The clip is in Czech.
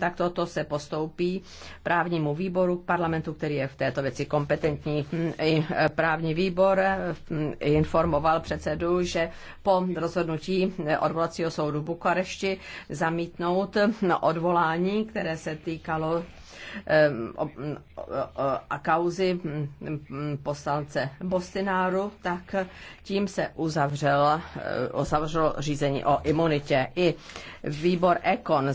tak toto se postoupí právnímu výboru parlamentu, který je v této věci kompetentní. Hm, I e, právní výbor e, hm, informoval předsedu, že po rozhodnutí e, odvolacího soudu v Bukarešti zamítnout hm, odvolání, které se týkalo a kauzy poslance Bostináru, tak tím se uzavřelo uzavřelo řízení o imunitě. I výbor Ekon